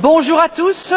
bonjour à tous.